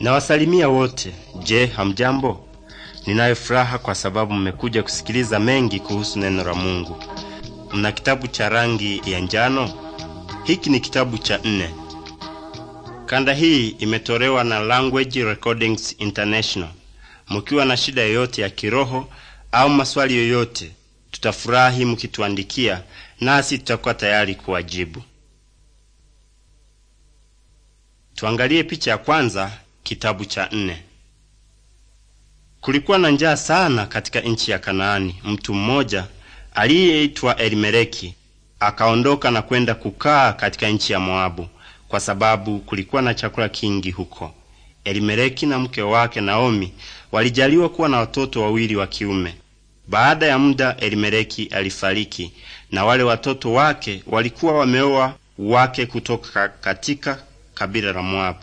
Nawasalimia wote. Je, hamjambo? Ninayo furaha kwa sababu mmekuja kusikiliza mengi kuhusu neno la Mungu. Mna kitabu cha rangi ya njano? Hiki ni kitabu cha nne. Kanda hii imetolewa na Language Recordings International. Mkiwa na shida yoyote ya kiroho au maswali yoyote tutafurahi mkituandikia, nasi tutakuwa tayari kuwajibu. Tuangalie picha ya kwanza, kitabu cha nne. Kulikuwa na njaa sana katika nchi ya Kanaani. Mtu mmoja aliyeitwa Elimeleki akaondoka na kwenda kukaa katika nchi ya Moabu kwa sababu kulikuwa na chakula kingi huko. Elimeleki na mke wake Naomi walijaliwa kuwa na watoto wawili wa kiume. Baada ya muda Elimeleki alifariki, na wale watoto wake walikuwa wameoa wake kutoka katika kabila la Moabu.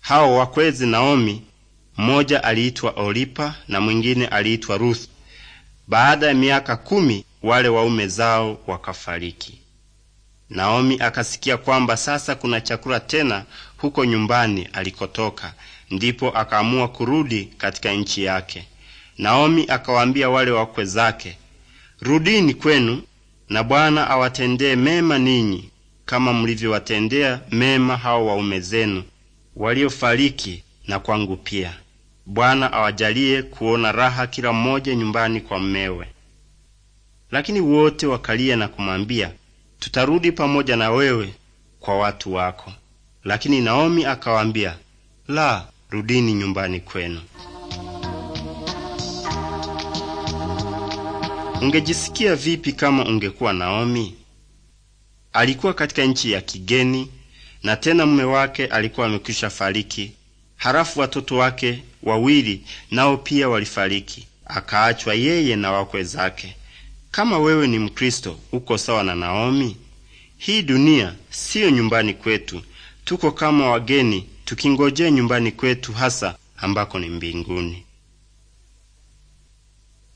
Hao wakwezi Naomi, mmoja aliitwa Oripa na mwingine aliitwa Ruth. Baada ya miaka kumi wale waume zao wakafariki. Naomi akasikia kwamba sasa kuna chakula tena huko nyumbani alikotoka, ndipo akaamua kurudi katika nchi yake. Naomi akawaambia wale wakwe zake, rudini kwenu na Bwana awatendee mema ninyi kama mlivyowatendea mema hao waume zenu waliofariki na kwangu pia. Bwana awajalie kuona raha kila mmoja nyumbani kwa mmewe. Lakini wote wakalia na kumwambia, tutarudi pamoja na wewe kwa watu wako. Lakini Naomi akawaambia, la, rudini nyumbani kwenu. Ungejisikia vipi kama ungekuwa Naomi? Alikuwa katika nchi ya kigeni na tena mume wake alikuwa amekwisha fariki. Halafu watoto wake wawili nao pia walifariki, akaachwa yeye na wakwe zake. Kama wewe ni Mkristo, uko sawa na Naomi. Hii dunia siyo nyumbani kwetu, tuko kama wageni tukingojea nyumbani kwetu hasa ambako ni mbinguni.